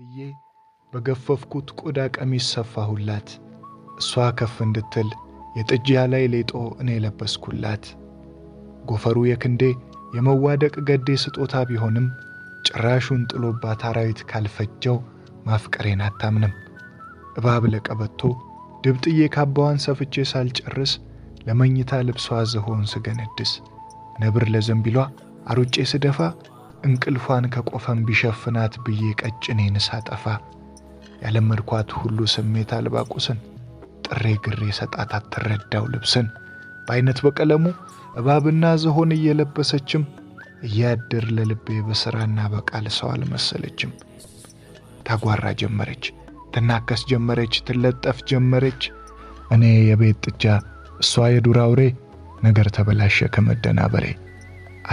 በድዬ በገፈፍኩት ቆዳ ቀሚስ ሰፋሁላት። እሷ ከፍ እንድትል የጥጃ ላይ ሌጦ እኔ ለበስኩላት። ጎፈሩ የክንዴ የመዋደቅ ገዴ ስጦታ ቢሆንም ጭራሹን ጥሎባት አራዊት ካልፈጀው ማፍቀሬን አታምንም። እባብ ለቀበቶ ድብጥዬ ካባዋን ሰፍቼ ሳልጨርስ ለመኝታ ልብሷ ዝሆን ስገነድስ ነብር ለዘንቢሏ አሩጬ ስደፋ እንቅልፏን ከቆፈን ቢሸፍናት ብዬ ቀጭኔን ሳጠፋ ያለመድኳት ሁሉ ስሜት አልባ ቁስን ጥሬ ግሬ ሰጣት አትረዳው ልብስን በአይነት በቀለሙ እባብና ዝሆን እየለበሰችም እያድር ለልቤ በሥራና በቃል ሰው አልመሰለችም። ታጓራ ጀመረች፣ ትናከስ ጀመረች፣ ትለጠፍ ጀመረች። እኔ የቤት ጥጃ፣ እሷ የዱር አውሬ፣ ነገር ተበላሸ ከመደናበሬ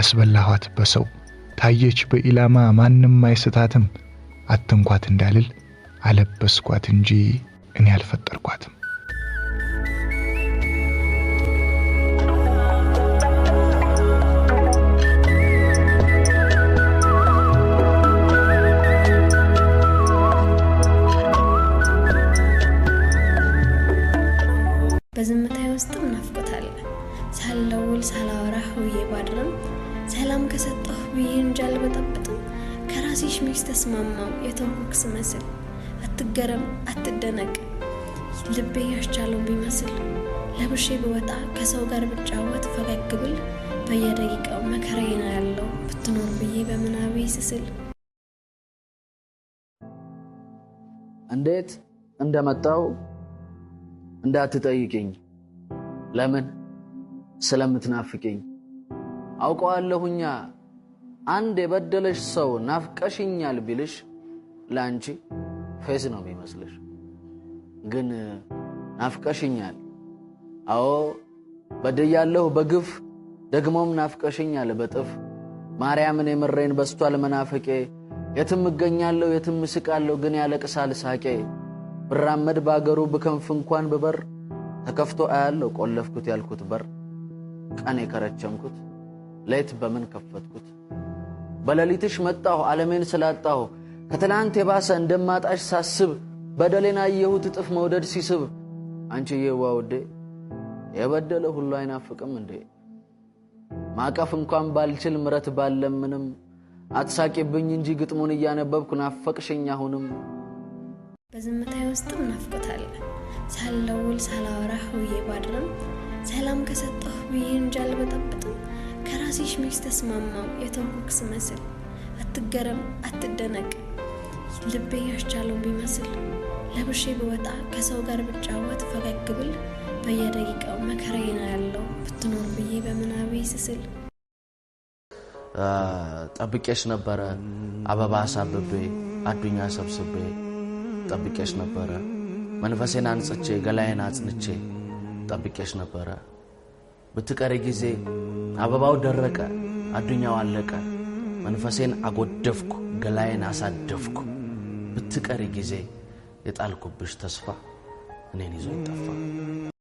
አስበላኋት በሰው ታየች በኢላማ ማንም አይስታትም አትንኳት እንዳልል አለበስኳት እንጂ እኔ አልፈጠርኳትም። በዝምታይ ውስጥም ናፍቆታል ሳለውል ሳላወራ ውዬ ባድርም ሰላም ከሰጠሁ ብዬ እንጂ አልበጠብጥም። ከራሴሽ ሚስ ተስማማው የተንኩክስ መስል አትገረም አትደነቅ ልቤ ያስቻለው ቢመስል ለብሼ ብወጣ ከሰው ጋር ብጫወት ፈገግ ብል በየደቂቃው መከራዬ ነው ያለው ብትኖር ብዬ በምናቤ ስስል እንዴት እንደመጣው እንዳትጠይቅኝ ለምን ስለምትናፍቅኝ አውቀዋለሁኛ አንድ የበደለሽ ሰው ናፍቀሽኛል ቢልሽ ለአንቺ ፌዝ ነው የሚመስልሽ። ግን ናፍቀሽኛል፣ አዎ በድያለሁ በግፍ ደግሞም ናፍቀሽኛል በጥፍ ማርያምን የምሬን በስቷል መናፈቄ የትም እገኛለሁ የትም እስቃለሁ ግን ያለቅሳል ሳቄ ብራመድ በአገሩ ብከንፍ እንኳን ብበር ተከፍቶ አያለሁ ቆለፍኩት ያልኩት በር ቀን የከረቸምኩት ሌት በምን ከፈትኩት? በሌሊትሽ መጣሁ ዓለሜን ስላጣሁ ከትናንት የባሰ እንደማጣሽ ሳስብ በደሌን አየሁት እጥፍ መውደድ ሲስብ አንቺዬ ዋውዴ የበደለ ሁሉ አይናፍቅም እንዴ? ማቀፍ እንኳን ባልችል ምረት ባለምንም አትሳቂብኝ እንጂ ግጥሙን እያነበብኩ ናፈቅሽኝ አሁንም። በዝምታዬ ውስጥም ናፍቆታል ሳልደውል ሳላወራህ ውዬ ባድርም ሰላም ከሰጠሁ ብዬ እንጃል በጠብጥ ሲሽሚሽ ተስማማው የተንኮክ ስመስል አትገረም አትደነቅ ልቤ ያስቻለው ቢመስል ለብሼ ብወጣ ከሰው ጋር ብጫወት ፈገግ ብል በየደቂቃው መከራዬ ያለው ብትኖር ብዬ በምናቤ ስስል ጠብቄሽ ነበረ አበባ አሳብቤ አዱኛ ሰብስቤ ጠብቄሽ ነበረ መንፈሴን አንጽቼ ገላዬን አጽንቼ ጠብቄሽ ነበረ ብትቀሪ ጊዜ አበባው ደረቀ፣ አዱኛው አለቀ፣ መንፈሴን አጎደፍኩ፣ ገላዬን አሳደፍኩ። ብትቀሪ ጊዜ የጣልኩብሽ ተስፋ እኔን ይዞ ይጠፋ።